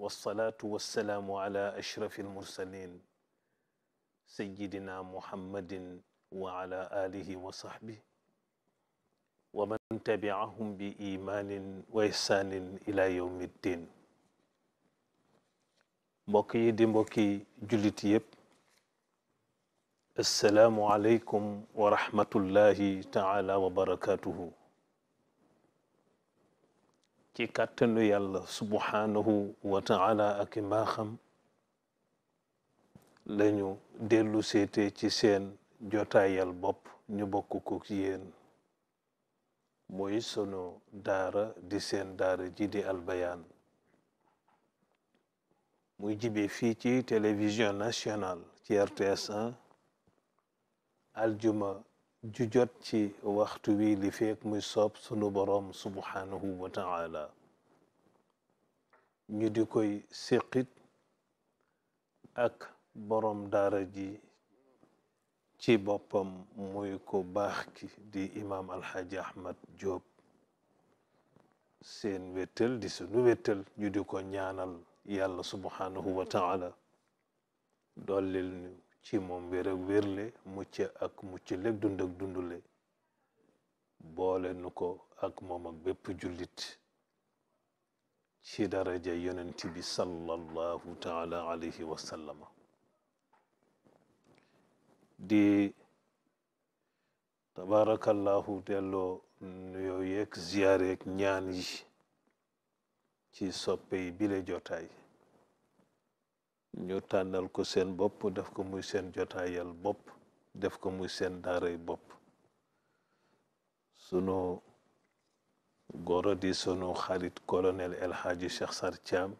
wasalaatu wasalaamu ala ashrafi almursalin sayidina muhammadin wa ala alihi wa sahbi wa man tabiahum bi imaanin wa ihsaanin ila yawmi ddin mbokk yi di mbokki jullit yépp assalaamu aleykum wa rahmatullahi taala wa barakatuhu ci kàttanu yàlla subhanahu wa taala ak lañu dellu seete ci seen jotaayal bopp ñu bokk ko yéen mooy sunu daara di seen daara ji di albayaan muy jibe fii ci télévision nationale ci RTS 1 aljuma ju jot ci waxtu wi li feek muy soob sunu boroom subhaanahu wa taala ñu di koy séqit ak boroom daara ji ci boppam muy ko baax ki di imaam alxaaji ahmad Diop seen wéttal di sunu wéttal ñu di ko ñaanal yàlla subhaanahu wa taala dollil ñu ci moom wér ak wérle mucc ak mucc lek dund ak dundule boole nu ko ak moom ak bépp jullit ci daraja yonent bi sallallahu taala alayhi wa di tabarakallahu delloo nuyoo yeeg ziyaareeg ñaan yi ci soppe yi jotaay ñu tànnal ko seen bopp def ko muy seen jotaayal bopp def ko muy seen daaray bopp sunu goro di sunu xarit kolonel El Hadji Cheikh Sar Thiam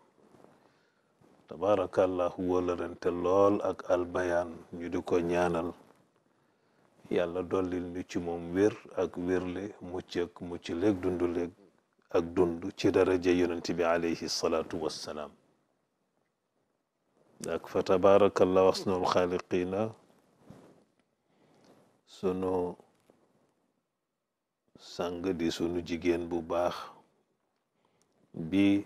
tabarakallahu wóolarante lool ak albayaan ñu di ko ñaanal yàlla dollil ñu ci moom wér ak wérle mucc ak mucc léeg dundu léeg ak dund ci daraja yonent bi alayhi salaatu wassalaam ak fa tabarakallah wasnul xaaliqina sunu sang di sunu jigéen bu baax bi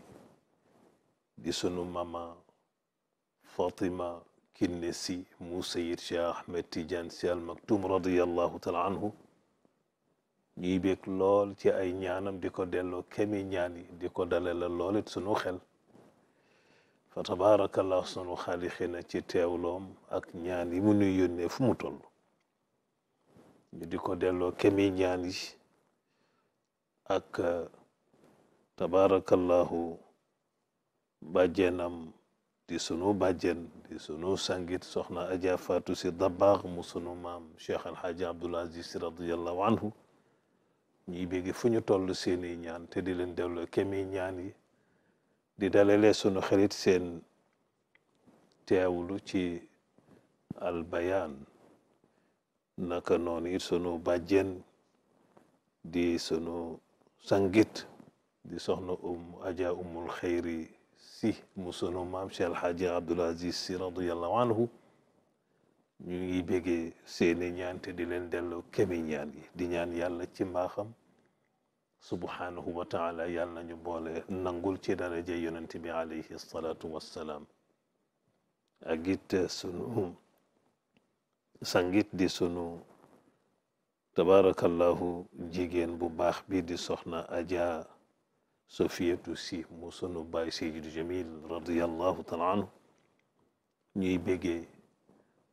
di sunu mama fatima kinne si mu sayid cheikh ahmed tidiane si al maktum radiallahu taala anhu ñuy bég lool ci ay ñaanam di ko delloo kemi ñaani di ko dale la loolit sunu xel fa tabaarakallahu sunu xaaliqina ci teewloom ak ñaan yi mu nuy yónnee fu mu toll ñu di ko delloo kemi ñaan ak uh, tabaarakallahu bàjjeenam di sunu bàjjeen di sunu sangit soxna Aja Faatu Si Dabaax mu sunu maam Cheikh Alxaaji Abdul Aziz Si radiallahu anhu ñuy bégg fu ñu toll seeni ñaan te di leen delloo kemi ñaan di dalalee sunu xarit seen teewlu ci albayaan naka noonu it sunu bàjjen di sunu sangit di soxna um aja umul xayri si mu sunu maam Cheikh Alxaaji Abdul Aziz radiallahu ñu ngi béggee seen ñaan te di leen delloo kemi ñaan gi di ñaan yàlla ci mbaaxam subhanahu wa taala yàll ñu boole nangul ci daraje yonent bi alayhi salaatu wassalaam ak it sunu sangit di sunu tabarakallahu jigéen bu baax bii di soxna aja sofiyatu si mu sunu baay sayyidu jamil radiallahu taala anhu ñuy béggee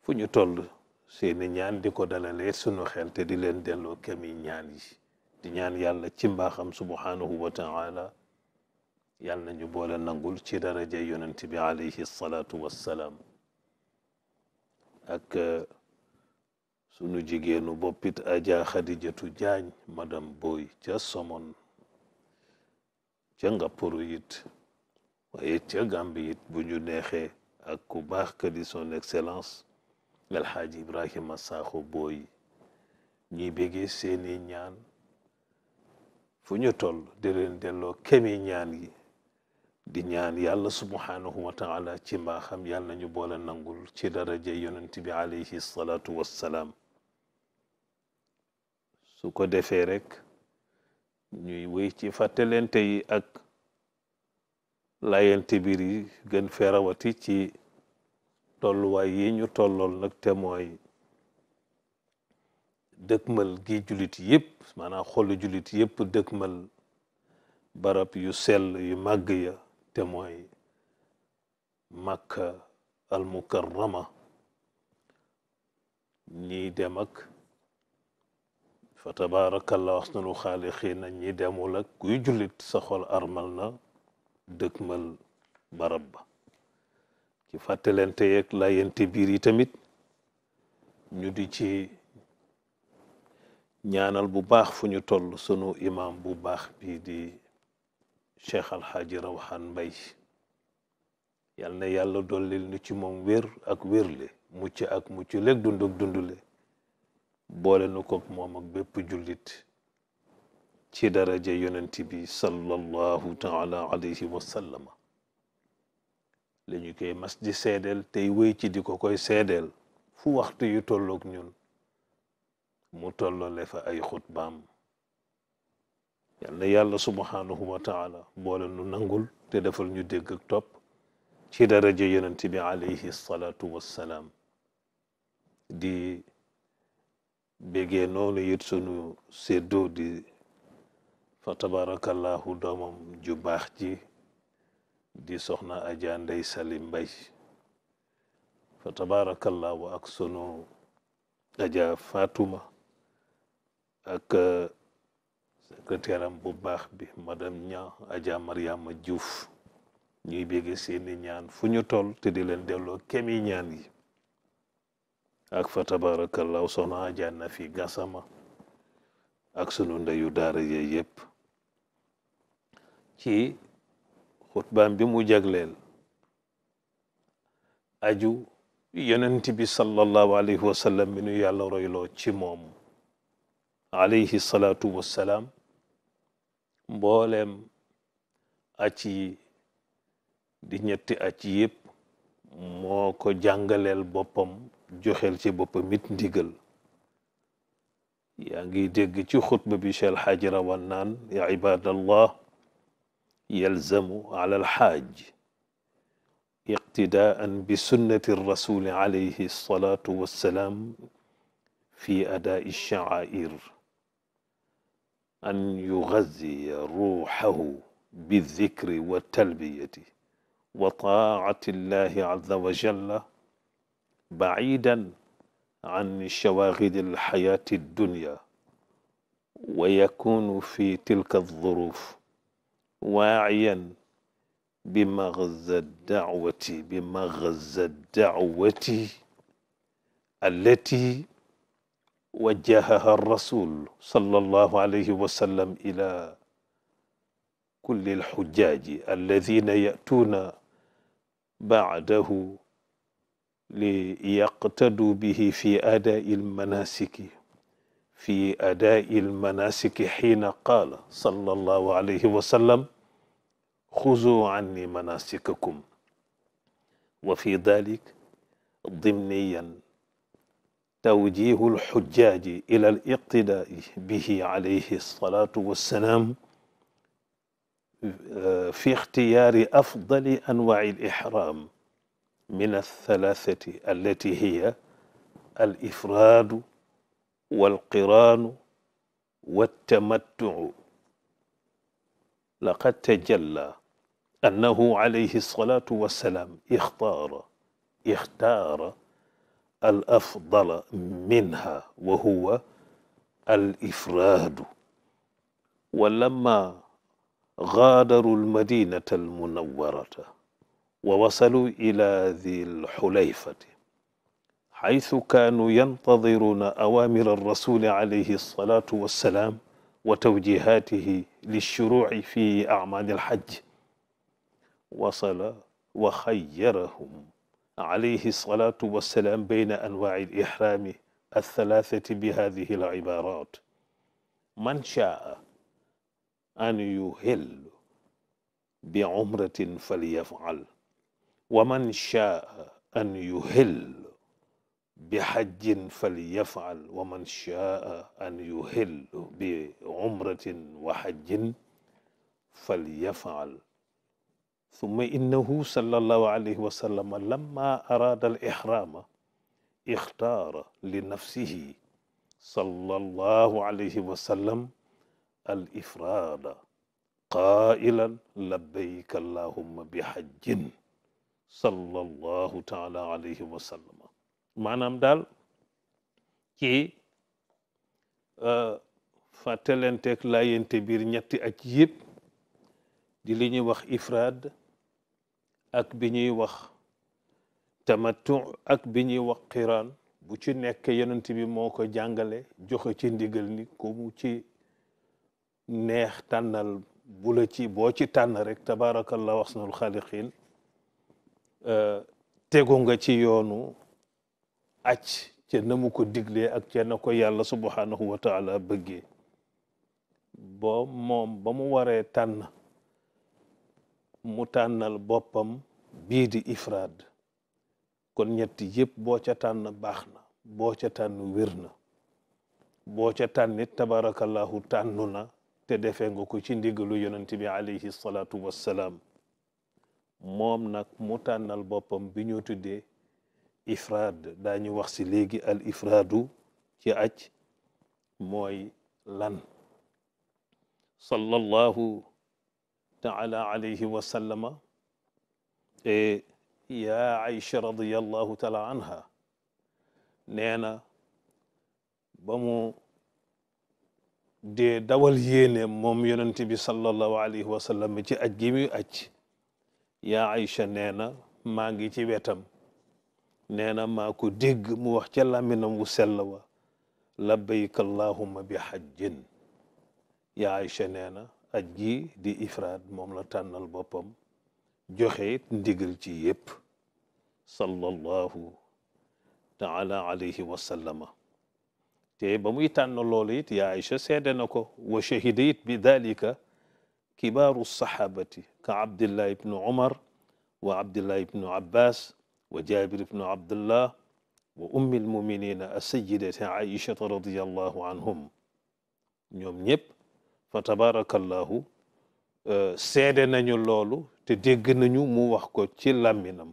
fu ñu toll seeni ñaan di ko dalalee sunu xel te di leen delloo kami ñaan yi di ñaan yàlla ci mbaaxam subhanahu wa taala yàlla nañu boole nangul ci daraja yonent bi alayhi salaatu wassalaam ak euh, sunu jigéenu boppit aja xadijatu jaañ madam boy ca somon ca ngappuru it waaye ca gàmbi it bu ñu neexee ak ku baax ka di son excellence alxaaji ibrahima saaxo booy ñi bégee seeni ñaan fu ñu toll di delloo kemi ñaan gi di ñaan yàlla subhanahu wa taala ci mbaaxam yàlla nañu boole nangul ci daraja yonent bi alayhi salaatu wassalaam su ko defee rek ñuy wéy ci fàttalente ak layente biir yi gën ferawati ci tolluwaay yi ñu tollool nag te mooy dëkkmal gi jullit yëpp maanaam xol jullit yëpp dëkkmal barab yu sell yu màgg ya te mooy màkka almukarrama ñii dem ak fa tabaarakallah ahsanu xaalixiina ñi demul ak kuy jullit sa xol armal na dëkkmal barab ba ci fàttalente yeeg layente biir yi tamit ñu di ci ñaanal bu baax fu ñu toll sunu imam bu baax bii di cheikh alxaaji rawxaan mbay yal na yàlla dollil nu ci moom wér ak wérle mucc ak mucc leeg dund ak dundule boole nu koog moom ak bépp jullit ci daraja yonent bi sallallahu taala alayhi wa sallama ñu koy mas di seedeel tey wéy ci di ko koy seedeel fu waxtu yu tolloog ñun mu tollole fa ay xutbaam yal na yàlla subhaanahu wa taala boole nu nangul te defal ñu dégg ak topp ci daraja yonent bi alayhi salaatu wassalaam di bégee noonu it sunu séddoo di fa tabarakallahu doomam ju baax ji di soxna Adja Ndeye Saly Mbaye fa tabarakallahu ak sunu Adja Fatuma ak secrétaire am bu baax bi madame Niang Adja Mariama Diouf ñuy bégge seeni ñaan fu ñu toll te di leen delloo kemi ñaan yi ak fa tabarakallahu soxna Adja na fi gasama ak sunu ndeyu daara ye yépp ci xutbaam bi mu jagleel aju yonent bi sallallahu alayhi wa sallam nu yàlla royloo ci moom alayhi salaatu wassalaam mbooleem acc di ñetti acc yépp moo ko jàngaleel boppam joxel ci boppam it ndigal yaa ngi dégg ci xutba bi Cheikh El Hadj ya ibadallah yalzamu ala alxaaj iqtidaan bi sunnati rasuli alayhi salaatu wassalaam fi adaa shaair أن يغذي روحه بالذكر والتلبية وطاعة الله عز وجل بعيدا عن شواغل الحياة الدنيا ويكون في تلك الظروف واعيا بمغزى الدعوة بمغزى الدعوة التي wajjahaha rasul sallallahu alayhi wa sallam ila kulli alxujjaaji alladina yatuuna baadahu li yaqtaduu bihi fi adaai almanasiki fi adaai almanasiki xiina qaala sallallahu alayhi wa sallam xuzuu anni manasikakum wa fi dalik dimniyan توجيه الحجاج إلى الاقتداء به عليه الصلاة والسلام في اختيار أفضل أنواع الإحرام من الثلاثة التي هي الإفراد والقران والتمتع لقد تجلى أنه عليه الصلاة والسلام اختار اختار al afdala minha wa huwa al ifraadu wa lamma غادروا المدينة المنورة ووصلوا إلى ذي الحليفة حيث كانوا ينتظرون أوامر الرسول عليه الصلاة والسلام وتوجيهاته للشروع في أعمال الحج وصل وخيرهم alayhi salaatu wassalaam bayna anwaaci lixraami althalaathati bi hadihi alcibarat man shaa an yuhil bicumratin falyafcal wa man shaa an yuhil bixajjin falyafcal wa man shaa an yuhil bicumratin wa xajjin falyafcal ثم إنه صلى الله عليه وسلم لما أراد الإحرام اختار لنفسه صلى الله عليه وسلم الإفراد قائلا لبيك اللهم بحج صلى الله تعالى عليه وسلم maanaam daal ci fàttalanteeg laayante biir ñetti aj yëpp di li ñuy wax ifraad ak bi ñuy wax tamattu ak bi ñuy wax qiraan bu ci nekk yonent bi moo ko jàngale joxe ci ndigal ni ku ci neex tànnal bu ci boo ci tànn rek tabaarakallah waxsanul xaaliqin eh, tegu nga ci yoonu ac ca na mu ko diglee ak ca ko yàlla subhanahu wa taala bëggee ba moom ba mu waree tànn mu tànnal boppam bii di ifraad kon ñetti yëpp boo ca tànn baax na boo ca tànn wér na boo ca tànnit tabarakallahu tànnu na te defe nga ko ci ndigalu yonent bi alayhi salaatu wassalaam moom nag mu tànnal boppam bi ñu tuddee ifraad daañu wax si léegi al ifraadu ci aj mooy lan sallallahu taala alayhi wasallama te yaa Aïcha radiyallahu taala anha nee na ba mu dee dawal yéene moom yonent bi sallallahu alayhi wa sallam ci aj gi aj yaa Aïcha nee maa ngi ci wetam nee na maa ko dégg mu wax ca làmminam wu sell wa labbayk allahumma bi hajjin yaa Aïcha nee na gi di ifraad moom la tànnal boppam joxe ndigal ci yépp sallallahu taala alayhi wa sallama te ba muy tànn loolu it yaa Aïcha seede na ko wa shahida it bi dalika kibaaru saxaabati ka abdillah ibnu umar wa abdillah ibnu abbas wa jabir ibnu abdullah wa ummi lmuminina asayidati aïchata radiallahu anhum ñoom ñëpp fa tabaraka allahu euh, seede nañu loolu te dégg nañu mu wax ko ci làmminam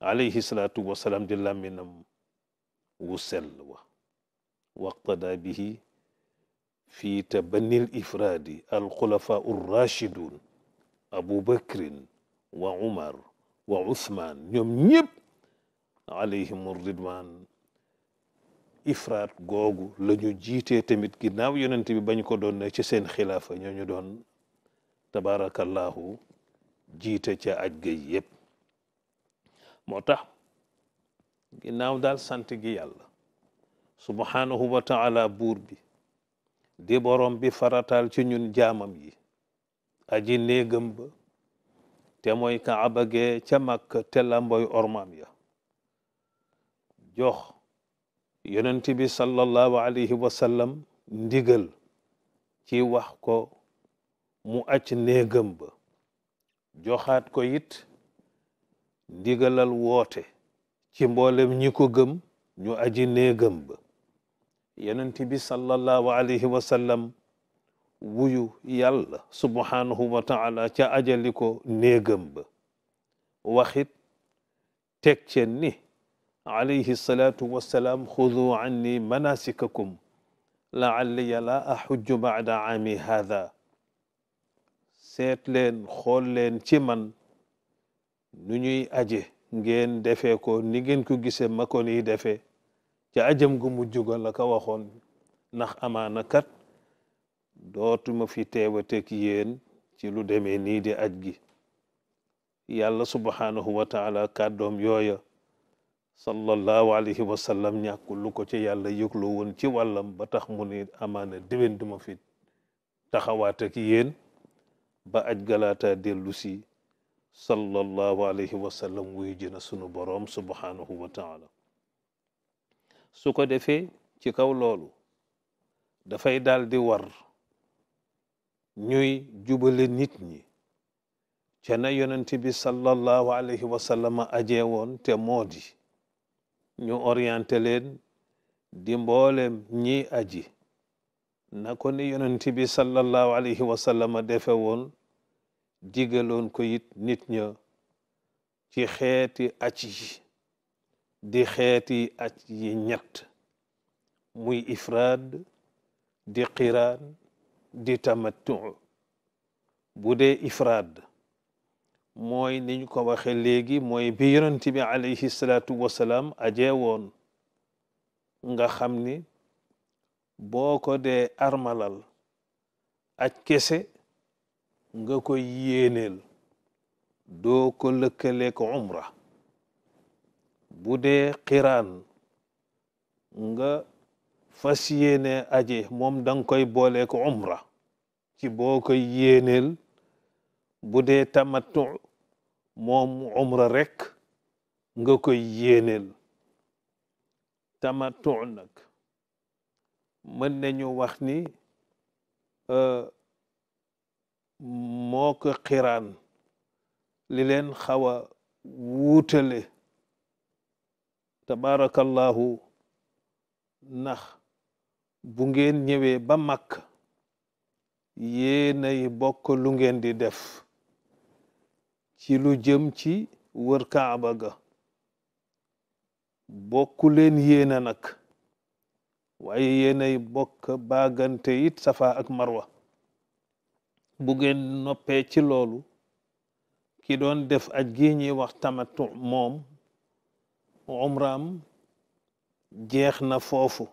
alayhi salaatu wasalaam di làmminam wu sell wa waqtada bihi fi tabannil ifraadi alxulafaa urrachidun abu bakrin wa umar wa usmaan ñoom ñëpp alayhim ridwan ifraat googu la ñu jiitee tamit ginnaaw yonent bi bañ ko doon ne ci seen xilaafa ñoo ñu doon tabaarakallahu jiite ca aj gay yépp moo tax ginnaaw dal sant gi yàlla subhanahu wa buur bi di borom bi farataal ci ñun jaamam yi aji néegam ba te mooy kaaba gee ca Makka te lamboy ormaam ya jox yonent bi sallallahu alayhi wa ndigal ci wax ko mu aj néegam ba joxaat ko it digalal woote ci mboolem ñi ko gëm ñu aji néegam ba yonent bi sallallahu alayhi wa wuyu yàlla subhanahu wa taala ca ajali ko néegam ba waxit teg ceen ni alayhi salaatu wassalaam xudu anni manasikakum laalliya la axujju bacda aami haada seet leen xool leen ci man nu ñuy aje ngeen defe ko ni ngeen ko gisee ma ko niy defee ca ajam gu mu ga la ko waxoon ndax amaana kat dootuma fi teewateeg yéen ci lu deme nii di aj gi yàlla subhanahu wa taala kàddoom yooya sallallahu alayhi wa sallam ñàkkul ko ci yàlla yëgloo ci wàllam ba tax mu ni amaana déwén duma fi taxawaat ak yéen ba aj galaata dellu si sallallahu alayhi wa sallam wuy sunu boroom subhanahu wa taala su ko defee ci kaw loolu dafay daal di war ñuy jubale nit ñi ca na yonent bi sallallahu alayhi wa sallam ajee woon te moo di ñu orienté leen di mboolem ñi aji na ko ni yonent bi sallallahu alayhi wa sallam defe woon digaloon ko it nit ñë ci xeeti ac yi di xeeti ac yi muy ifraad di qiraan di tamattu bu dee ifraad mooy niñ ko waxe léegi mooy bi yonent bi alayhi salaatu wasalaam aje woon nga xam ni boo ko dee armalal aj kese nga ko yéeneel doo ko lëkkale ko umra bu dee xiraan nga fas yéene aje moom danga koy boole ko umra ci boo koy yéeneel bu dee tamattu moom umra rekk nga koy yéeneel tamattu nag mën nañu wax ni euh, moo ko xiraan li leen xaw a wuutale tabaarakallahu ndax bu ngeen ñëwee ba màkk yéenay bokk lu ngeen di def ci lu jëm ci wër kaaba ga bokku leen yéena nag waaye yéenay bokk baagante it safa ak marwa bu ngeen noppee ci loolu ki doon def aj gi wax tamattu moom umraam jeex na foofu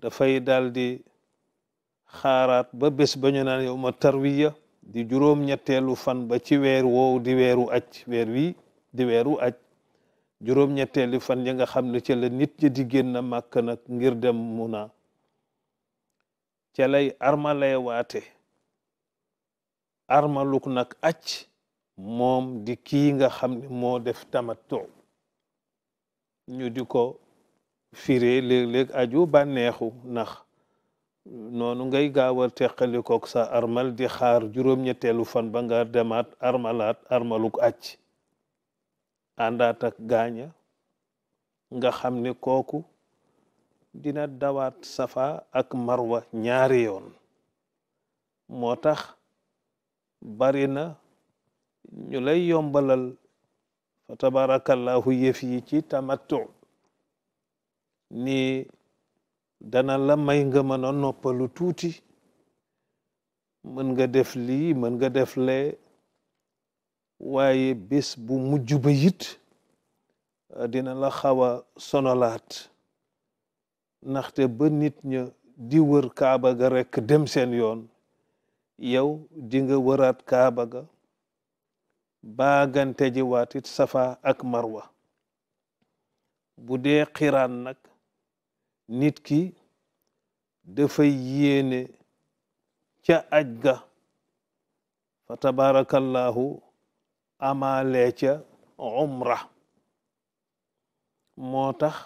dafay daldi xaaraat ba bés ba ñu naan yow ma tarwiya di juróom ñetteelu fan ba ci weer wow di weeru aj weer wi di weeru aj juróom-ñetteeli fan ya nga xam ne ca nit ñi di génn màkk nag ngir dem muna ca lay armalee waate armaluk nag acc moom di kii nga xam ne moo def tamato ñu di ko fire léeg-léeg aju bànneexu ndax noonu ngay gaawal teqalikook sa armal di xaar juróom-ñetteelu fan ba nga demaat armalaat armaluk acc àndaat ak gaaña nga xam ne kooku dina dawaat safa ak marwa ñaari yoon moo tax bari na ñu lay yombalal fa tabarakallahu yëf yi ci tamattu ni dana la may nga mën noppalu tuuti mën nga def lii mën nga def lee waaye bés bu mujj ba yit euh, dina la xawa a sonolaat ndaxte ba nit ña di wër kaaba ga rekk dem seen yoon yow di nga wëraat kaaba ga baagante ji waat it safa ak marwa bu dee xiraan nag nit ki dafay yéene ca aj ga fa tabarakallahu amaalee ca umra moo tax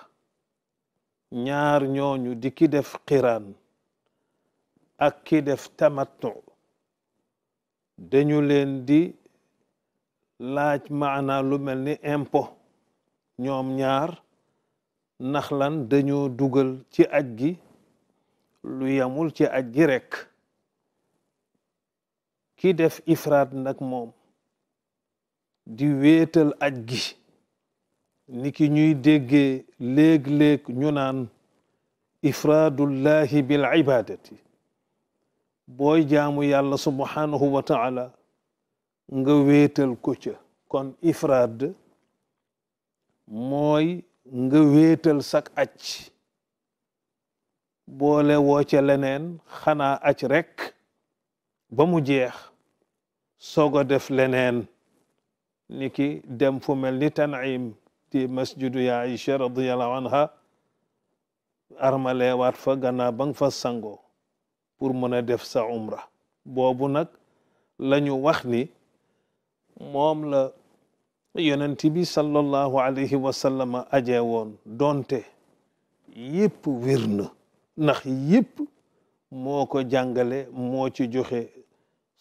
ñaar ñooñu dikki def xiraan ak ki def tamattu dañu leen di laaj maana lu mel ni impôt ñoom ñaar nax lan dañoo dugal ci aj gi lu yamul ci aj gi rekk ki def ifraat nag moom di wéetal aj gi niki ñuy déggee léeg-léeg ñu naan ifraadullahi bil ibadati booy jaamu yàlla subhanahu wa taala nga wéetal ko ca kon ifraad mooy nga wéetal sak aj boole woo ca leneen xanaa aj rekk ba mu jeex soog a def leneen niki dem fu mel ni Tan'im di masjidu ya Aïcha radiyallahu anha armale fa gannaaw bang fa sango pour mën a def sa umra boobu nag la ñu wax ni moom la yonent bi sallallahu alayhi wa sallam aje woon donte yëpp wér na ndax moo ko jàngale moo ci joxe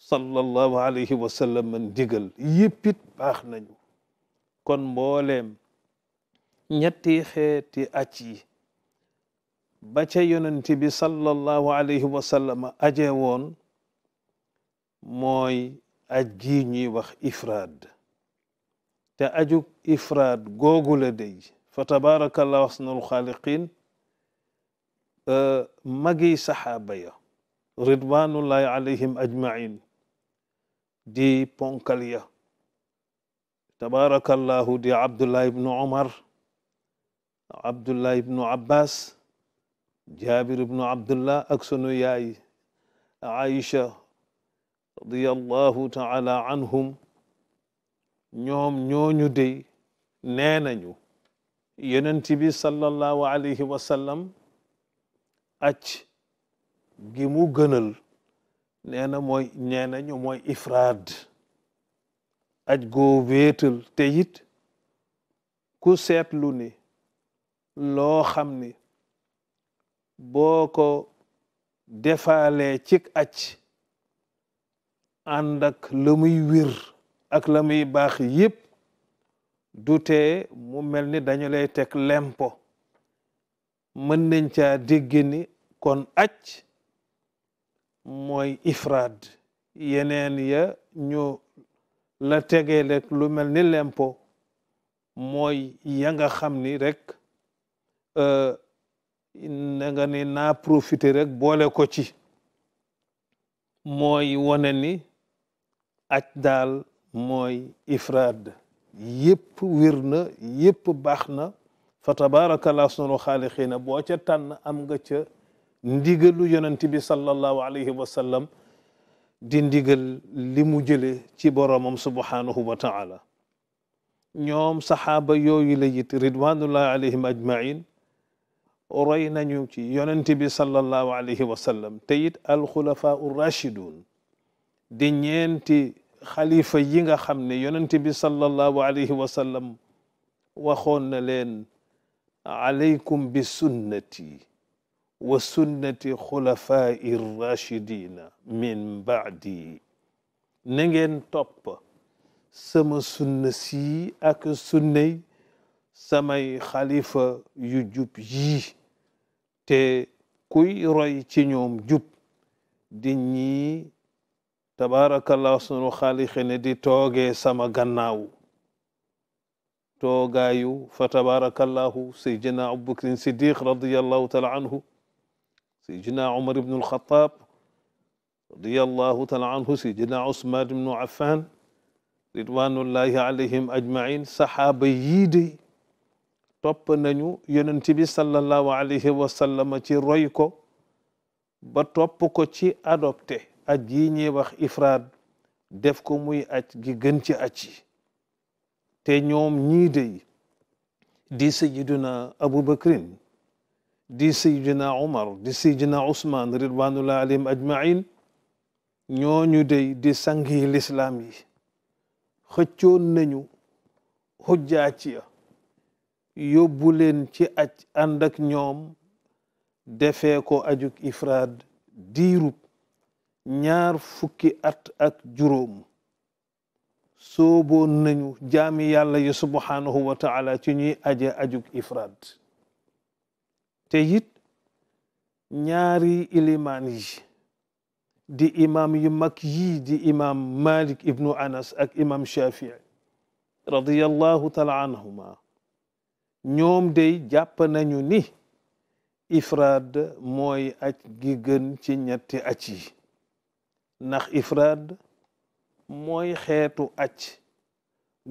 sallallahu alayhi wa sallam ndigal baax nañu kon mbooleem ñetti xeeti aj yi ba ca yonent alayhi wa sallam mooy aj gi ñuy wax ifraad te ajug ifraad googu la day fa tabaarakallahu ahsanul xaaliqin magi saxaaba ya ridwanullahi alayhim ajmain di ponkalya ya tabarakallahu di abdullah ibnu omar abdullah ibnu abbas jabir ibnu abdullah ak sunu yaay aisha radiallahu taala anhum ñoom ñooñu dey nee nañu yonent bi sallallahu alayhi wa sallam acc gi gënal nee mooy nee nañu mooy ifraad aj goo wéetal te ku seetlu ni loo ni boo ko defaalee cik aj ànd ak la muy ak la baax yépp dute mu mel ni dañu lay teg lempo mën nañ caa dégg ni kon acc mooy ifraad yeneen ya ñu la tegee rek lu mel ni lempo mooy ya nga xam ni rek euh, na nga ni naa profité rek boole ko ci mooy wone ni aj daal mooy ifraad yëpp wir na yëpp baax na fa tabaarakallah sunu xaalixiina boo ca tànn am nga ca ndigalu yonent bi sallallahu alayhi wa di ndigal li mu jële ci boromam subhanahu wa taala ñoom saxaaba yooyu la it ridwanullahi alayhim ajmain roy nañu ci yonent bi sallallahu alayhi wa sallam te it alxulafaa rachidun di ñeenti xalifa yi nga xam ne yonent bi sallallahu alayhi wa sallam waxoon na leen alaykum bi sunnati wa sunnati xulafai rachidina min baadi na ngeen topp sama sunna sii ak sunnay samay xalifa yu jub yii te kuy roy ci ñoom jub di ñii tabaarakallah sunu xaalixe ne di toogee sama gannaaw toogaayu fa tabaarakallahu sayyidina abubakrin siddiq radiallahu taala anhu sayyidina Umar ibn al-Khattab radiyallahu taala anhu sayyidina Usman ibn Affan ridwanullahi alayhim ajmain saxaaba yii de topp nañu yonent bi sallallahu alayhi wa ci roy ko ba topp ko ci adopte aj yi ñuy wax ifraad def ko muy aj gi gën ci aj te ñoom ñii di sayyiduna Abu Bakrin di sayyidina Umar di sayyidina Usmaan ridwanullahi alayhim ajmain ñooñu dey di sang yi lislaam yi xëccoon nañu xujjaa ci yóbbu leen ci aj ànd ñoom defee ko ajug ifraad diirub ñaar fukki at ak juróom sooboon nañu jaami yàlla yi subhanahu wa ci ñuy aje ajug ifraad te it ñaari ilimaan yi di imam yu mag yi di imam malik ibnu anas ak imam shafii radiallahu taala anhuma ñoom day jàpp nañu ni ifraad mooy aj gi gën ci ñetti aj yi ndax ifraad mooy xeetu aj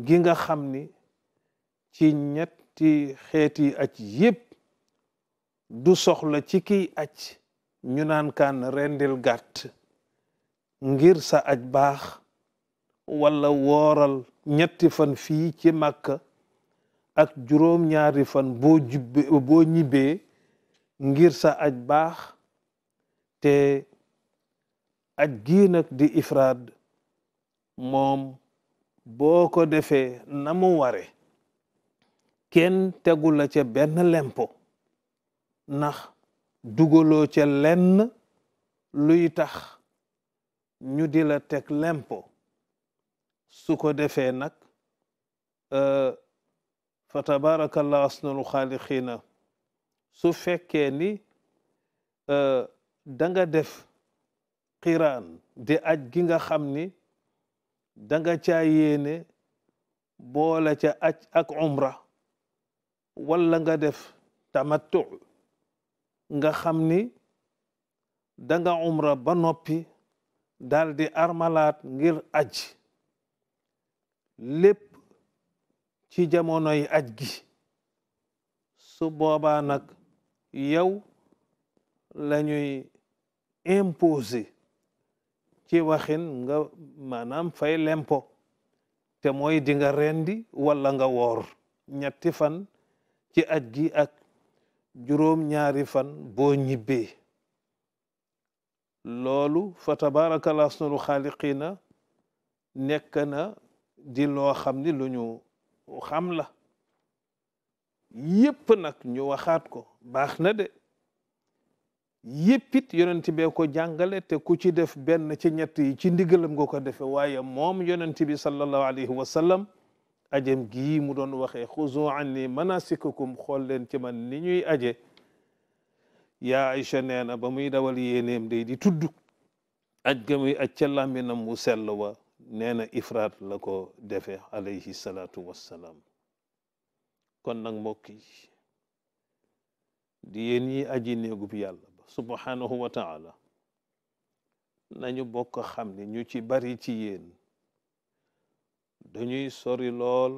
gi nga xam ni ci ñetti xeeti aj yépp du soxla ci kiy aj ñu naan kaan rendil gàtt ngir sa aj baax wala wooral ñetti fan fii ci màkka ak juróom-ñaari fan boo jubbe boo ñibbee ngir sa aj baax te aj gii di ifraad moom boo ko defee na mu ware kenn tegu la ca benn lempo ndax dugaloo ca lenn luy tax ñu di la teg lempo su ko defee nag euh, fa tabarakallahu asnul xaaliqina su fekkee ni euh, da def xiraan di aj gi nga xam ni da nga caa yéene boole ca aj ak umra wala nga def tamattu nga xam ni danga umra ba noppi daal di armalaat ngir aj lépp ci jamonoy aj gi su boobaa nag yow la ñuy imposé ci waxin nga maanaam fay lempo te mooy di nga rendi wala nga woor ñetti fan ci aj gi ak juróom-ñaari fan boo ñibbee loolu fa tabaraka la asnul xaaliqina nekk na di loo xam ni lu ñu xam la yépp nag ñu waxaat ko baax na de yéppit yonent bee ko jàngale te ku ci def benn ci ñett yi ci ndigalam goo ko defe waaye moom yonent bi sallallahu alayhi wa ajam gii mu doon waxee xuzu anni manasikakum xool leen ci man ni ñuy aje yaa Aïcha nee na ba muy dawal yéeneem day di tudd aj ga muy aj ca làmminam mu sell wa nee na ifraat la ko defee alayhi salaatu wassalaam kon nag mbokk yi di yéen ñi aji néegub yàlla subhanahu wa taala nañu bokk xam ne ñu ci bari ci yéen dañuy sori lool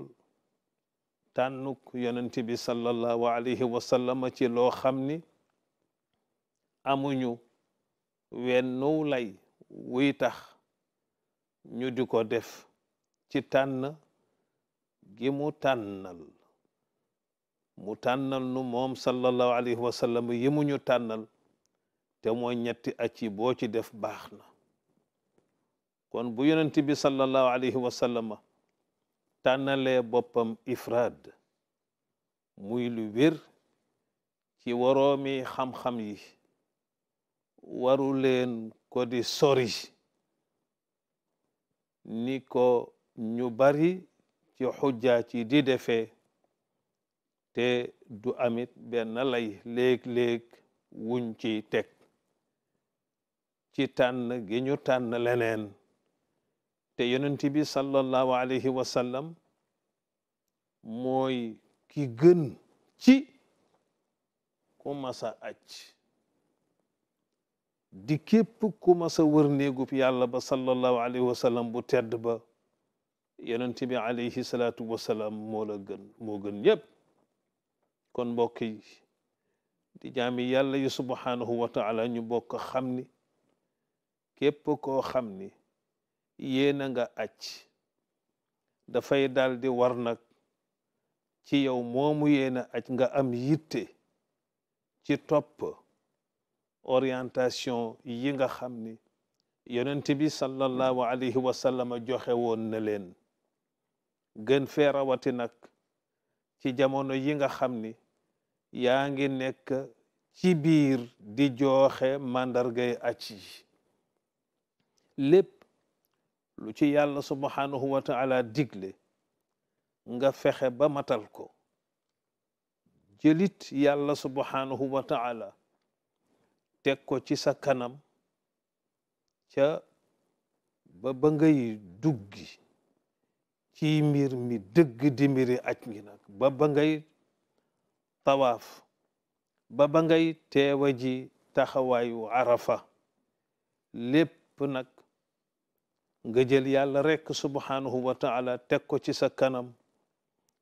tànnuk yonent bi sallallahu alayhi wa sallam ci loo xam ni amuñu wennu lay wuy tax ñu di ko def ci tànn gi mu tànnal mu tànnal nu moom sallallahu alayhi wa yi mu ñu tànnal te mooy ñetti at yi boo ci def baax na kon bu yonent bi sallallahu alayhi wa sallam tànnalee boppam ifraad muy lu wér ci waroomi xam-xam yi waru leen ko di ni ko ñu bari ci xujjaa ci di defee te du amit benn lay léeg-léeg wuñ ci teg ci tànn gi ñu tànn leneen te yonent bi sallallahu alayhi wa sallam mooy ki gën ci ku masa aj di képp ku masa wër néegub yàlla ba sallallahu alayhi wa sallam bu tedd ba yonent bi alayhi salaatu wa salaam moo la gën yépp kon mbokk yi di jaami yàlla yi subhanahu wa taala ñu bokk xam ni képp ni yéena nga aj dafay daldi war nag ci yow moomu yéena aj nga am yitte ci topp orientation yi nga xam ni yonent bi sallallahu alayhi joxe woon na leen gën fee rawati ci jamono yi nga xam ni yaa ngi nekk ci biir di joxe màndargay aj yi lépp lu ci yàlla subhanahu wa taala digle nga fexe ba matal ko jëlit yàlla subhanahu wa taala teg ko ci sa kanam ca ba ba ngay duggi ci mbir mi dëgg di mbiri aj ngi nag ba ba ngay tawaaf ba ba ngay teewa ji taxawaayu arafa lépp nag nga jël yàlla rekk subhanahu wa taala teg ko ci sa kanam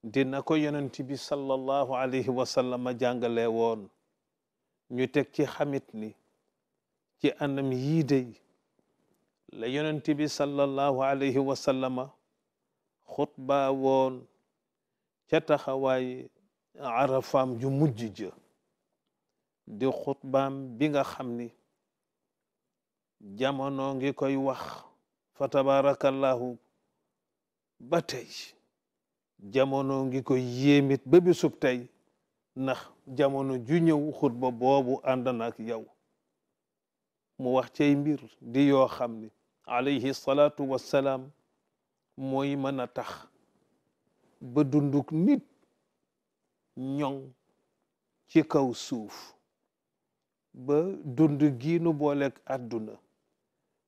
dina ko yonent bi sallallahu alayhi wa sallam jàngale woon ñu teg ci xamit ni ci anam yii day la yonent bi sallallahu alayhi wa sallama woon ca taxawaay arafaam ju mujj ja di xutbaam bi nga xam ni jamono ngi koy wax fa tabarakallahu ba tey jamono ngi ko yéemit ba bisub tey ndax jamono ju ñëw xutba boobu ànd na ak yow mu wax cay mbir di yoo xam ni alayhi salaatu wassalaam mooy mën a tax ba dunduk nit ñoŋ ci kaw suuf ba dund giinu booleeg àdduna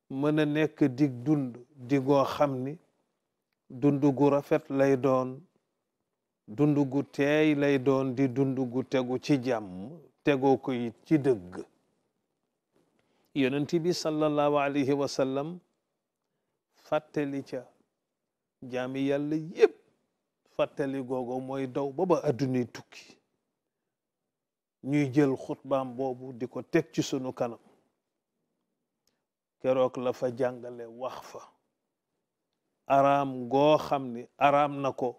mën a nekk dig dund digoo xam ni dund gu rafet lay doon dund gu teey lay doon di dund gu tegu ci jàmm tegoo ko ci dëgg yonent bi sallallahu alayhi wa sallam ca jaami yàlla yépp fàttali googo mooy daw ba ba addunay tukki ñuy jël xutbaam boobu di ko teg ci sunu kanam keroog la fa jàngale wax fa araam goo xam ni araam na ko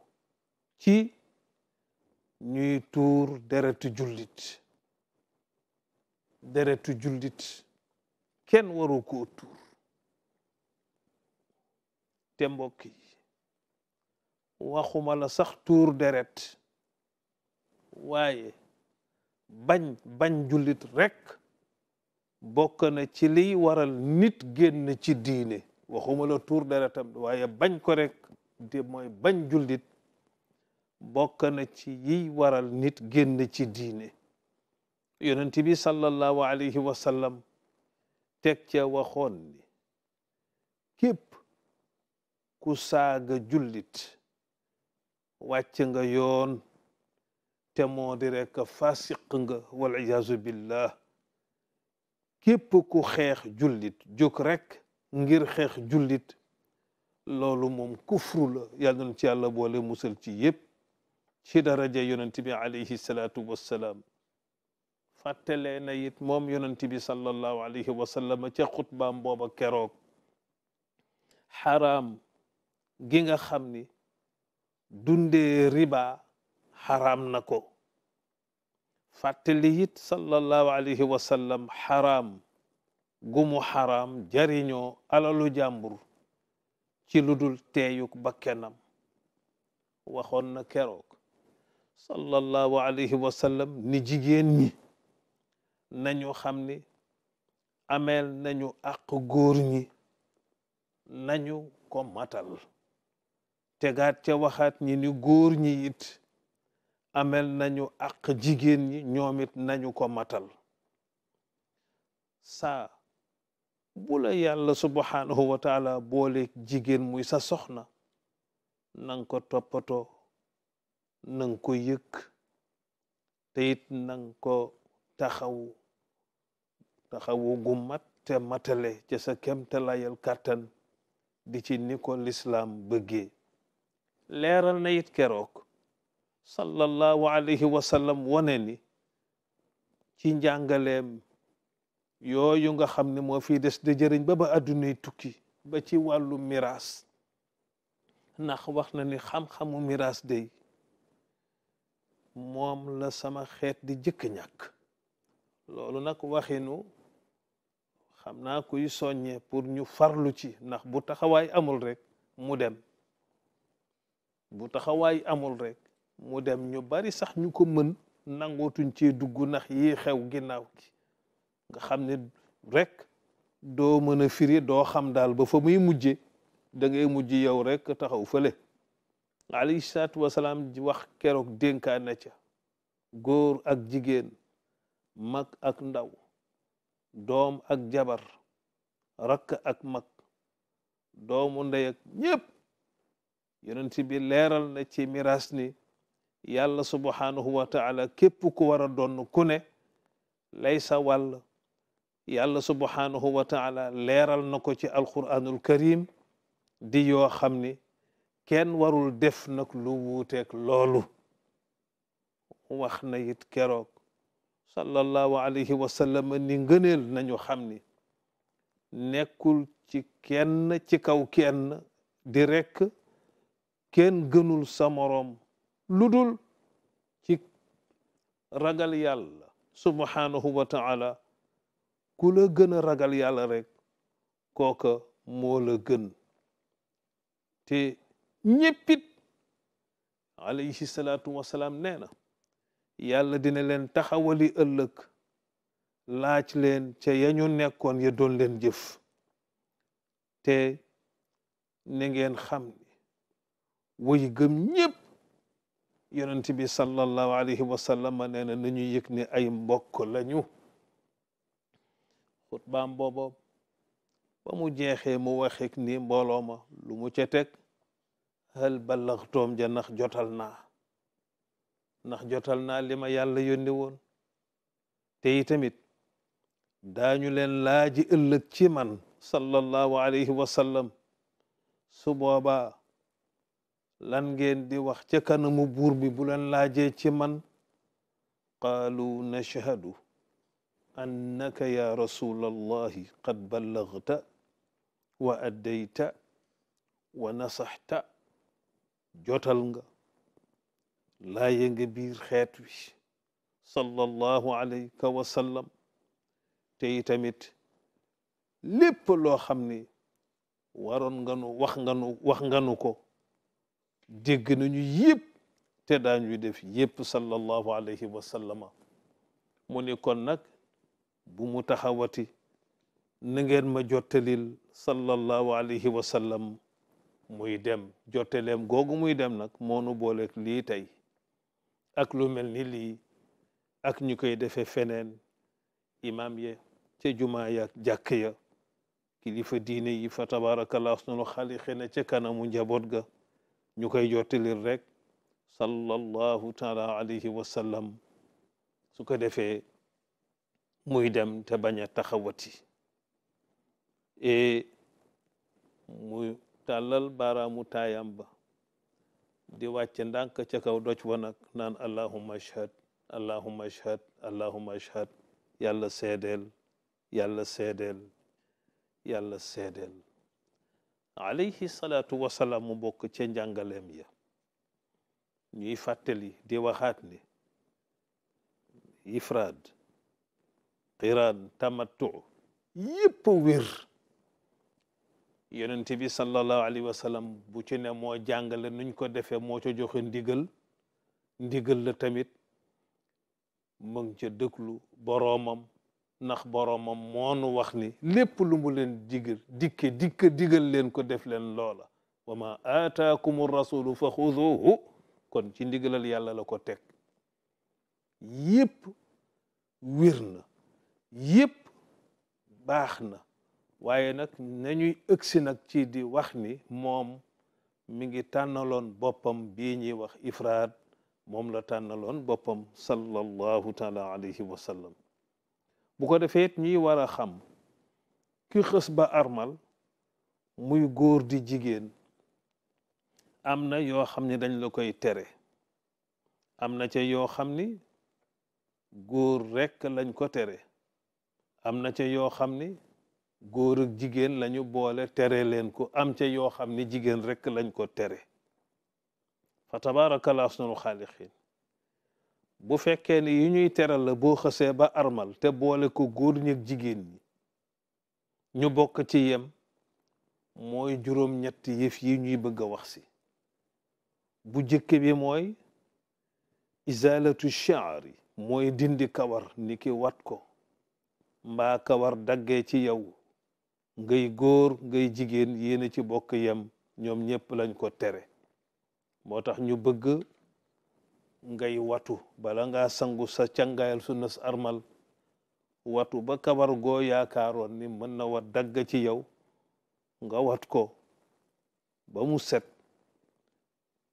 ci ñuy tuur deretu jullit deretu jullit kenn waru ko tuur te mbokk yi waxuma la sax tuur deret waaye bañ bañ jullit rekk bokk na ci liy waral nit génn ci diine waxuma la tuur deretam waaye bañ ko rek di mooy bañ jullit bokk na ci yiy waral nit génn ci diine yonent bi sallallahu alayhi wa sallam teg ca waxoon ni képp ku saaga jullit wàcc nga yoon te moo di fasiq nga wal iyaazu billah képp ku xeex jullit jóg rekk ngir xeex jullit loolu moom kufru la yàlla nañ ci yàlla boole musal ci yépp ci daraja yonent bi alayhi salaatu wassalaam fàttalee na it moom yonent bi sallallahu alayhi wa sallam ca xutbaam booba keroog xaraam gi nga xam ni dundee riba xaraam na ko fàttali it sallallahu alayhi wa sallam gumu xaraam jariñoo alalu jàmbur ci lu dul teeyuk bakkenam waxoon na keroog sallallahu alayhi wa ni jigéen ñi nañu xam ni ameel nañu àq góor ñi nañu ko matal tegaat ca waxaat ñi ni góor ñi it amel nañu àq jigéen ñi ñoom nañu ko matal saa bu la subhanahu wa boole jigéen muy sa soxna nang ko toppatoo nang ko yëg te it nang ko taxawu taxawu gu mat te matale ca sa kemtalayal kàttan di ci ni ko lislaam bëggee leeral na it keroog sallallahu alayhi wa sallam ni ci njàngaleem yooyu nga xam ni moo fii des de jëriñ ba ba addunay tukki ba ci wàllu miraas ndax wax na ni xam-xamu miraas day moom la sama xeet di jëkk ñàkk loolu nag waxinu xam naa kuy soññe pour ñu farlu ci ndax bu taxawaay amul rek mu dem bu taxawaay amul rek mu dem ñu bari sax ñu ko mën nangootuñ cee dugg nax yi xew ginnaaw gi nga xam ne rek doo mën a firi doo xam daal ba fa muy mujje da ngay mujj yow rek taxaw fële alayhi salaatu salaam ji wax keroog dénkaa na ca góor ak jigéen mag ak ndaw doom ak jabar rakk ak mag doomu ndey ak ñépp yonent bi leeral na ci miraas ni yàlla subhanahu wa taala képp ku war a doon ku ne lay sa wàll yàlla subhanahu wa taala leeral na ko ci alquranul karim di yoo xam ni kenn warul def nag lu wuuteeg loolu wax na it keroog sallallahu alayhi wa sallam ni ngëneel nañu xam ni nekkul ci kenn ci kaw kenn di rekk kenn gënul sa moroom lu dul ragal yàlla subhanahu wa taala ku la gën a ragal yàlla rek kooka moo la gën te ñéppit alayhi salaatu wasalaam nee na yàlla dina leen taxawali ëllëg laaj leen ca yañu nekkoon ya doon leen jëf te na ngeen xam ni way gëm ñépp yonent bi sallallahu alayhi wa sallam nee na nañu yëg ne ay mbokk lañu xutbaam booba ba mu jeexee mu waxeek ni mbooloo ma lu mu ca teg hal ballaxtoom ja ndax jotal naa ndax jotal naa lima ma yàlla yónni woon te itamit daañu leen laaji ëllëg ci man sallallahu alayhi wa sallam su boobaa lan ngeen di wax ca kanamu buur bi bu la laajee ci man qaalu nashhadu annaka ya rasulallahi qad ballagta wa addayta wa nasaxta jotal nga laaye nga biir xeet wi sallallahu alayka wa sallam te itamit lépp loo xam ni waroon nga nu nga nu wax nga nu ko dégg nañu yëpp te daañuy def yëpp sallallahu alayhi wa mu ni kon nag bu mu taxawati na ngeen ma jottalil sallallahu alayhi wa muy dem jottaleem googu muy dem nag moonu boole lii tey ak lu mel ni lii ak ñu koy defee feneen imaam ye ca jumaa yak jàkk ya kilifa diine yi fa tabaarakallah sunu xali xëy na ca kanamu njaboot ga ñu koy jottalil rek sallallahu taala alayhi wa sallam su ko defee muy dem te bañ a taxawati et muy tàllal baaraamu taayam ba di wàcce ndànk ca kaw doj wa nag naan allahumma ashhad allahumma ashhad allahumma ashhad yàlla seedeel yàlla seedeel yàlla seedeel alayhi salaatu wasalaam mu bokk ca njàngaleem ya ñuy fàttali di waxaat ni ifraad qiraan tamattu yépp wér yonent bi sallallahu alayhi wa bu ci ne moo jàngale nuñ ko defee moo ca joxe ndigal ndigal la tamit mu ngi ca dëglu boroomam ndax boroomam moonu wax ni lépp lu mu leen digir dikke dikke digal leen ko def leen loola wa ma aataakum rasulu fa xuduhu kon ci ndigalal yàlla la ko teg yépp wér na yépp baax na waaye nag nañuy ëgsi nag ci di wax ni moom mi ngi tànnaloon boppam bii ñuy wax ifraad moom la tànnaloon boppam sallallahu taala alayhi wa bu ko defee ñuy war a xam ki xës ba armal muy góor di jigéen am na yoo xam ni dañ la koy tere am na ca yoo xam ni góor rekk lañ ko tere am na ca yoo xam ni góor ak jigéen lañu boole tere leen ko am ca yoo xam ni jigéen rekk lañ ko tere fa tabaaraka laa ahsanul xaaliqiin bu fekkee ni yu ñuy teral la boo xësee ba armal te boole ko góor ñi jigéen ñi ñu bokk ci yem mooy juróom-ñetti yëf yi ñuy bëgg a wax si bu jëkk bi mooy izalatu shaari mooy dindi kawar ki wat ko mbaa kawar daggee ci yow ngay góor ngay jigéen yéena ci bokk yem ñoom ñépp lañ ko tere moo tax ñu bëgg ngay watu bala nga sangu sa càngaayal sunna sa armal watu ba kabar goo yaakaaroon ni mën na wat dagg ci yow nga wat ko ba mu set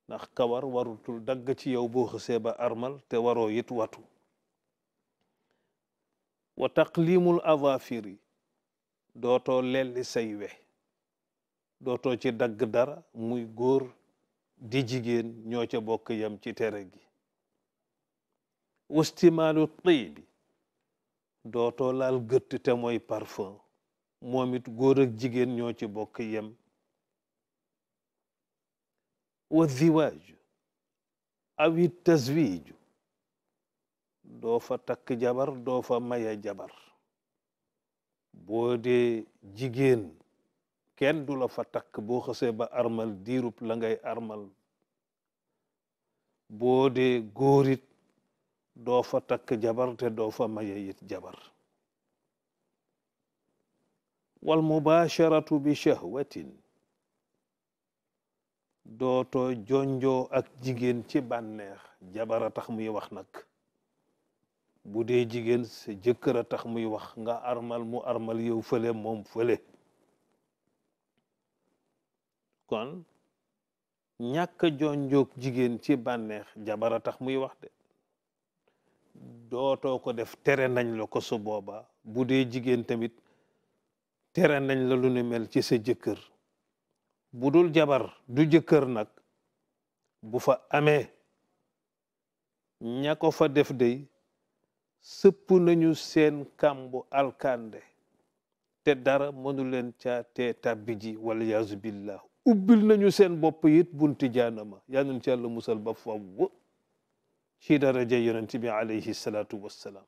ndax kawar warutul dagg ci yow boo xësee ba armal te waro it watu wa taqlimul avafiri dootoo lelli say we dootoo ci dagg dara muy góor di jigéen ñoo ca bokk yam ci tere gi wastimaalu tiibi dootoo laal gëtt te mooy parfum moom it góor jigéen ñoo ci bokk yem wa ziwaaju awi taswiiju doo fa takk jabar doofa fa maye jabar boo jigéen kenn du la fa takk boo xësee ba armal diirub la ngay armal boo dee góorit doofa takk jabar te doo fa jabar wal mubasharatu bi shahwatin dooto jonjoo ak jigéen ci bànneex jabara tax muy wax nag bu dee jigéen sa jëkkër a tax muy wax nga armal mu armal yow fële moom fële kon ñàkk jonjoog jigéen ci bànneex jabara tax muy wax de dootoo ko def tere nañ la ko su boobaa bu dee jigéen tamit tere nañ la lu ni mel ci sa jëkkër bu dul jabar du jëkkër nag bu fa amee ña ko fa def dey sëpp nañu seen kàmbu alkande te dara mënu leen caa tee tàbbi ji wala yaasu billah ubbil nañu seen bopp it bunti jaanama yaa nun ci yàlla musal ba faw ci daraja yonent bi alayhi salaatu wassalaam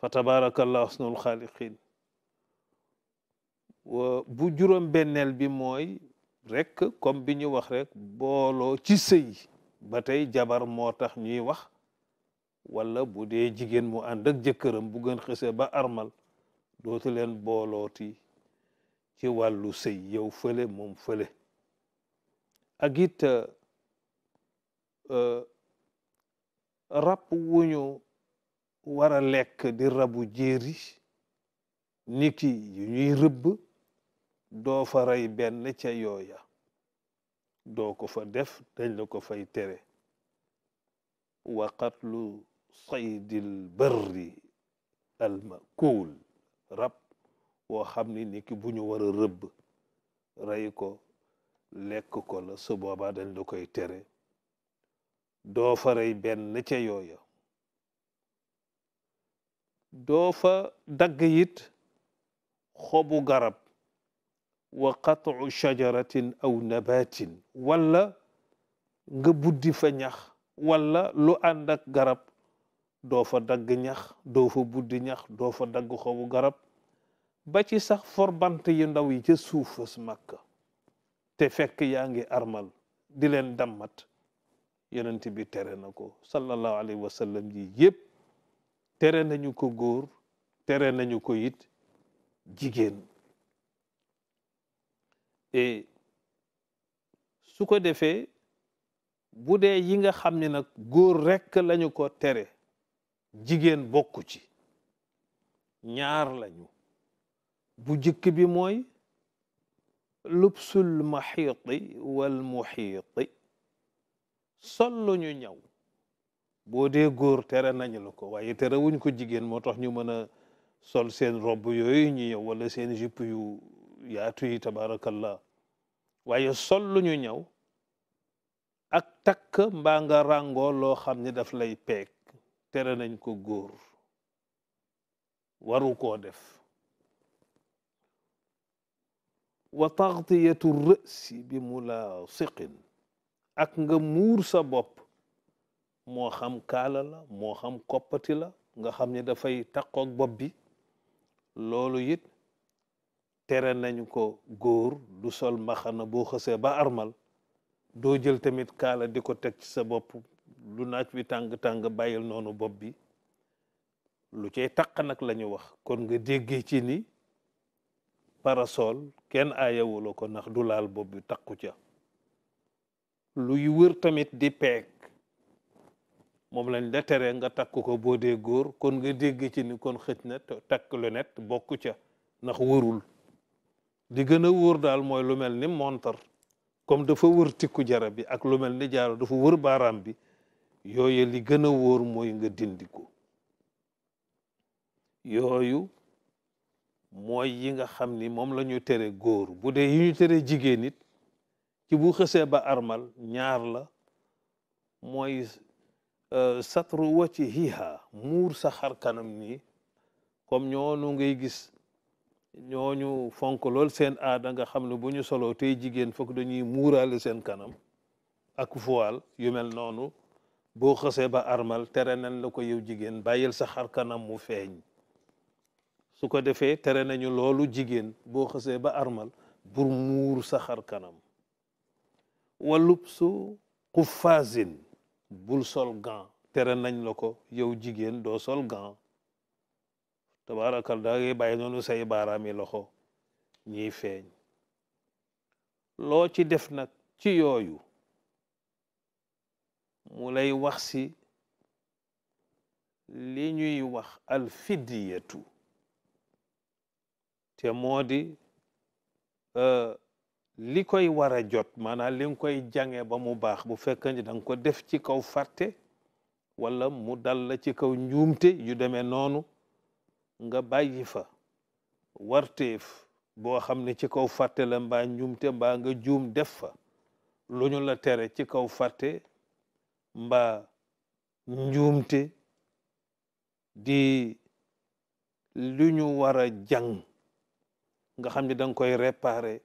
fa tabaarakallahu asnul xaaliqin bu juróom benneel bi mooy rekk kom bi ñu wax rekk booloo ci sëy ba tey jabar moo tax ñuy wax wala bu dee jigéen mu ànd ak jëkkëram bu gën xëse ba armal dootu leen boolooti ci wàllu sëy yow fële moom fële ak euh, rab wu ñu wara lekk di rabu jéeri niki yu ñuy rëbb doo fa rey benn ca yooya doo ko fa def dañ la ko fay tere wa qatlu saydil barri almakuul rab woo xam ni niki bu ñu wara rëbb rey ko lekk ko la su boobaa dañ la koy tere doo fa rey benn ca yooya doo fa dagg yit xobu garab wa qatcu shajaratin aw nabatin walla nga buddi fa ñax walla lu ànd ak garab doo fa dagg ñax doo fa buddi ñax doo fa dagg xobu garab ba ci sax forbant yu ndaw yi ca suufas màkk te fekk yaa ngi armal di leen dammat yonent bi tere na ko sallallahu alayhi wa sallam ji yëpp tere nañu ko góor tere nañu ko it jigéen et su ko defee bu dee yi nga xam ne nag góor rekk lañu ko tere jigéen bokku ci ñaar lañu bu jëkk bi mooy lubsul maxiiti wal muxiiti sol lu ñu ñaw boo dee góor tere nañ la ko waaye tere wuñ ko jigéen moo tax ñu mën a sol seen rob yooyu ñu ñëw wala seen jupp yu yaatu yi tabarakallah waaye sol lu ñu ñaw ak takk mbaa ràngoo loo xam ne daf lay peek tere nañ ko góor waru koo def wa taxtiyatu rësi bi mulaasiqin ak nga muur sa bopp moo xam kaala la moo xam koppati la nga xam ne dafay takkook bopp bi loolu it tere nañu ko góor du sol mbaxana boo xësee ba armal doo jël tamit kaala di ko teg ci sa bopp lu naaj wi tàng-tàng bàyyil noonu bopp bi lu cay taq nag la wax kon nga déggee ci ni parasol kenn aayawula ko ndax du laal bopp bi takku ca luy wër tamit di peek moom lañ la tere nga takk ko boo dee góor kon nga dégg ci ni kon xëj na takk lonet bokk ca ndax wërul di gën a wóor daal mooy lu mel ni montar comme dafa wër tikku jara bi ak lu mel ni jaaro dafa wër baaraam bi yooyu li gën a wóor mooy nga dindi ko yooyu mooy yi nga xam ni moom la tere góor bu dee yi ñu tere jigéen it ci bu xësee ba armal ñaar la mooy euh, satru wacci hiha muur sa xar kanam nii comme ñoonu ngay gis ñoo ñu fonk lool seen aada nga xam ne bu ñu soloo tey jigéen foog dañuy muuraale seen kanam ak voile yu mel noonu boo xësee ba armal tere nañ la ko yow jigéen bàyyil sa xar kanam mu feeñ su ko defee tere nañu loolu jigéen boo xësee ba armal bur muur sa xar kanam wa lubsu quffaasin bul sol gant tere nañ la ko yow jigéen doo sol gant tabaarakal da ngay bàyyi noonu say baaraami loxo ñiy feeñ loo ci def nag ci yooyu mu lay wax si li ñuy wax alfidiyatu te moo di euh, li koy war a jot maanaam li nga koy jàngee ba mu baax bu fekkee ni da ko def ci kaw fàtte wala mu dal la ci kaw njuumte yu demee noonu nga bàyyi fa warteef boo xam ne ci kaw fàtte la mbaa njuumte mbaa nga juum def fa lu ñu la tere ci kaw fàtte mbaa njuumte di lu ñu war a jàng nga xam ne da koy repare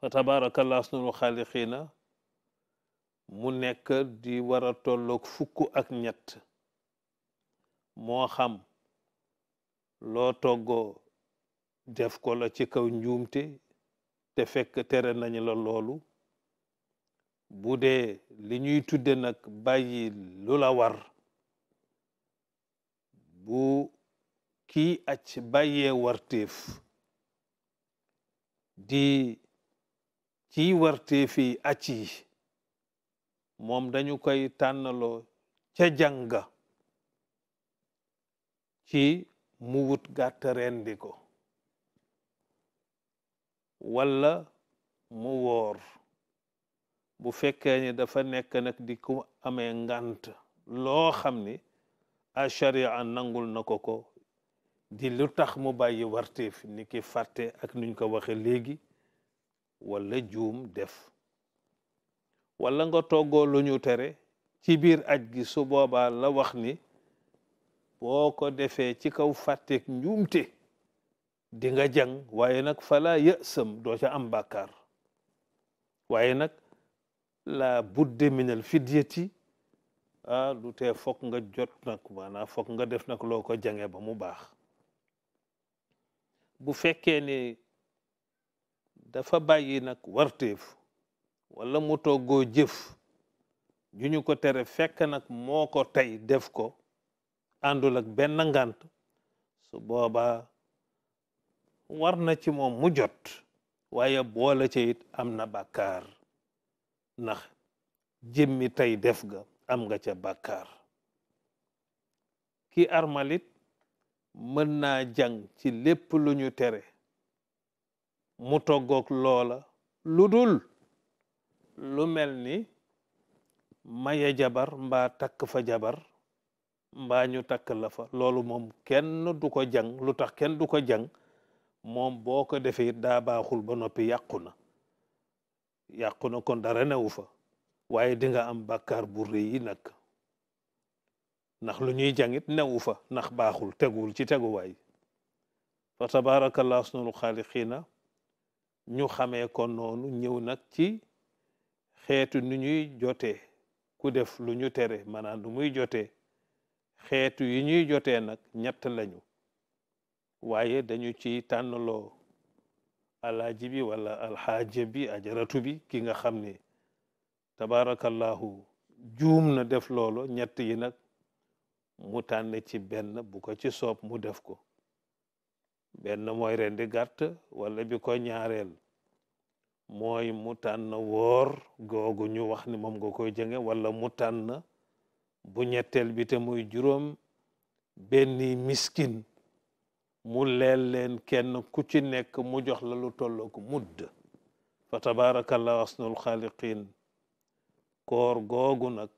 fa tabarakallah asnul xaaliqiina mu nekk di war a tolloog fukk ak ñett moo xam loo toggoo def ko la ci kaw njuumte te fekk tere nañu la loolu bu dee li ñuy tudde nag bàyyi lu la war bu kii acc bàyyee warteef di ci warteefi acc moom dañu koy tànnaloo ca jànga ci mu wut gàtt rendi ko walla mu woor bu fekkee ni dafa nekk nag di ku amee ngànt loo xam ni a sharia nangul na ko ko di lu tax mu bàyyi warteef ni ki fàtte ak nuñ ko waxe léegi wala juum def wala nga toggoo lu ñu tere ci biir aj gi su la wax ni boo ko defee ci kaw fàtteeg njuumte di nga jàng waaye nag fala yësam doo ca am bakkar waaye nag la budde minal fidyati a ah, du tee nga jot nag maanaam foog nga def nag loo ko jange ba mu baax bu fekkee ne dafa bàyyi nag warteef wala mu toggoo jëf ju ñu ko tere fekk nag moo ko tey def ko àndul ak benn ngant su booba war na ci moom mu jot waaye boole ca it am na bàkkaar ndax jëmmi tey def ga am nga ca bàkkaar ki armalit mën naa jàng ci lépp lu ñu tere mu toggoog loola lu dul lu mel ni maye jabar mbaa takk fa jabar mba ñu takk la fa loolu moom kenn du ko lu tax kenn du ko jàng moom boo ko defee daa baaxul ba noppi yàqu na yàqu na kon dara newu fa waaye dinga am bakkar bu yi nag ndax lu ñuy jàngit newu fa ndax baaxul teguwul ci teguwaay fa tabaarakallahu ahsanul xaaliqiina ñu xamee ko noonu ñëw nag ci xeetu nu ñuy jote ku def lu ñu tere maanaam lu muy jote xeetu yi ñuy jote nag ñett lañu waaye dañu ci tànnaloo alaaji bi wala alxaaja bi ajaratu bi ki nga xam ne tabaarakallahu juum na def loolo ñett yi nag mu tànn ci benn bu ko ci soob mu def ko benn mooy rendi gàtt wala biko ko ñaareel mooy mu woor googu ñu wax ni moom nga koy jënge wala mu tànn bu ñetteel bi muy juróom benn miskin mu leel leen kenn ku ci nekk mu jox la lu tollook mudd fa tabaarakallahu asnul xaaliqin koor googu nag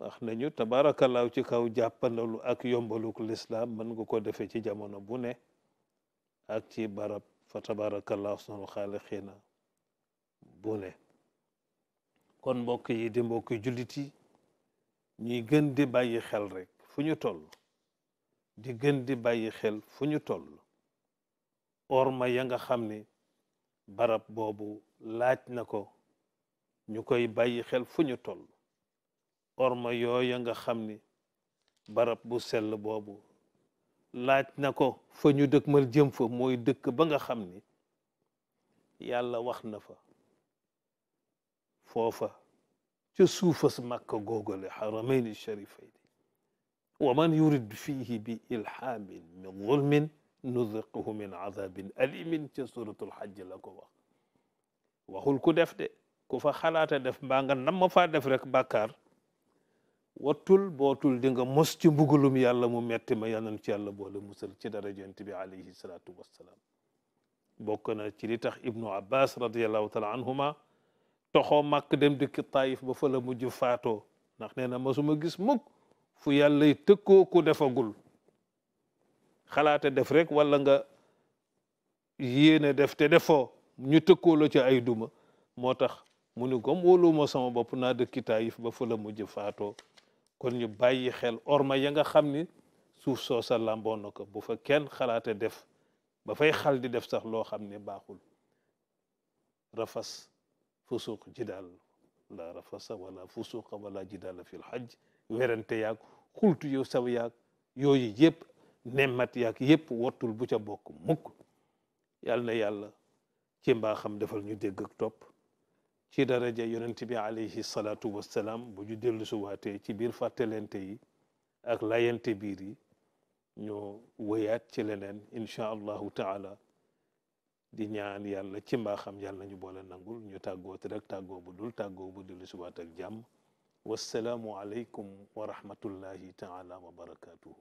wax nañu tabaarakallahu ci kaw jàppandalu ak yombaluk lislaam mën nga ko defe ci jamono bu ne ak ci barab fa tabarakallahu ahsanul xaaliqiina bu ne kon mbokk yi di mbokk jullit yi ñuy gën di bàyyi xel rek fu ñu toll di gën di bàyyi xel fu ñu toll or ma ya nga xam ni barab boobu laaj na ko ñu koy bàyyi xel fu ñu tol or ma yooya nga xam ni barab bu sell boobu laaj na ko fa ñu dëkk mal jëm fa mooy dëkk ba nga xam ni yàlla wax na fa foofa ca suufas màkka googale xaramayni sharifayni wa man yurid fihi bi ilhaamin min zulmin nuziquhu min azabin alimin ca suratul xajj la ko wax waxul ku def de ku fa xalaata def mbaa nama nam faa def rek bàkkaar wattul bootul di nga mos ci mbugulum yàlla mu metti ma yàlla na ci yàlla boole musal ci dara yonent bi alayhi salaatu wassalaam bokk na ci li tax ibnu abbas radiallahu taala anhuma toxoo màkk dem dëkki taayif ba fa la mujj faatoo ndax nee na masuma gis mukk fu yàllay tëkkoo ku defagul xalaate def rek walla nga yéene def te defoo ñu tëkkoo la ci ay duma moo tax mu ni gom wóolu ma sama bopp naa dëkki taayif ba fa mujj faatoo kon ñu bàyyi xel orma ya nga xam ni suuf soosa làmboon na ko bu fa kenn xalaate def ba fay xal di def sax loo xam ne baaxul rafas fusuq jidaal la rafasa wala fusuqa wala jidaala fi lxaj werante yaag xultu yow saw yaag yooyu yëpp nemmat yaag yëpp wattul bu ca bokk mukk yàlla na yàlla ci mbaaxam defal ñu dégg ak topp ci daraja yonent bi alayhi salaatu wassalaam bu ñu dellu suwaatee ci biir fàttalente yi ak layante biir yi ñoo wëyaat ci leneen incha allahu taala di ñaan yàlla ci mbaaxam yàlla ñu boole nangul ñu tàggoo te rek tàggoo bu dul tàggoo bu dellu suwaat ak jàmm wassalaamu aleykum taala wa barakaatuhu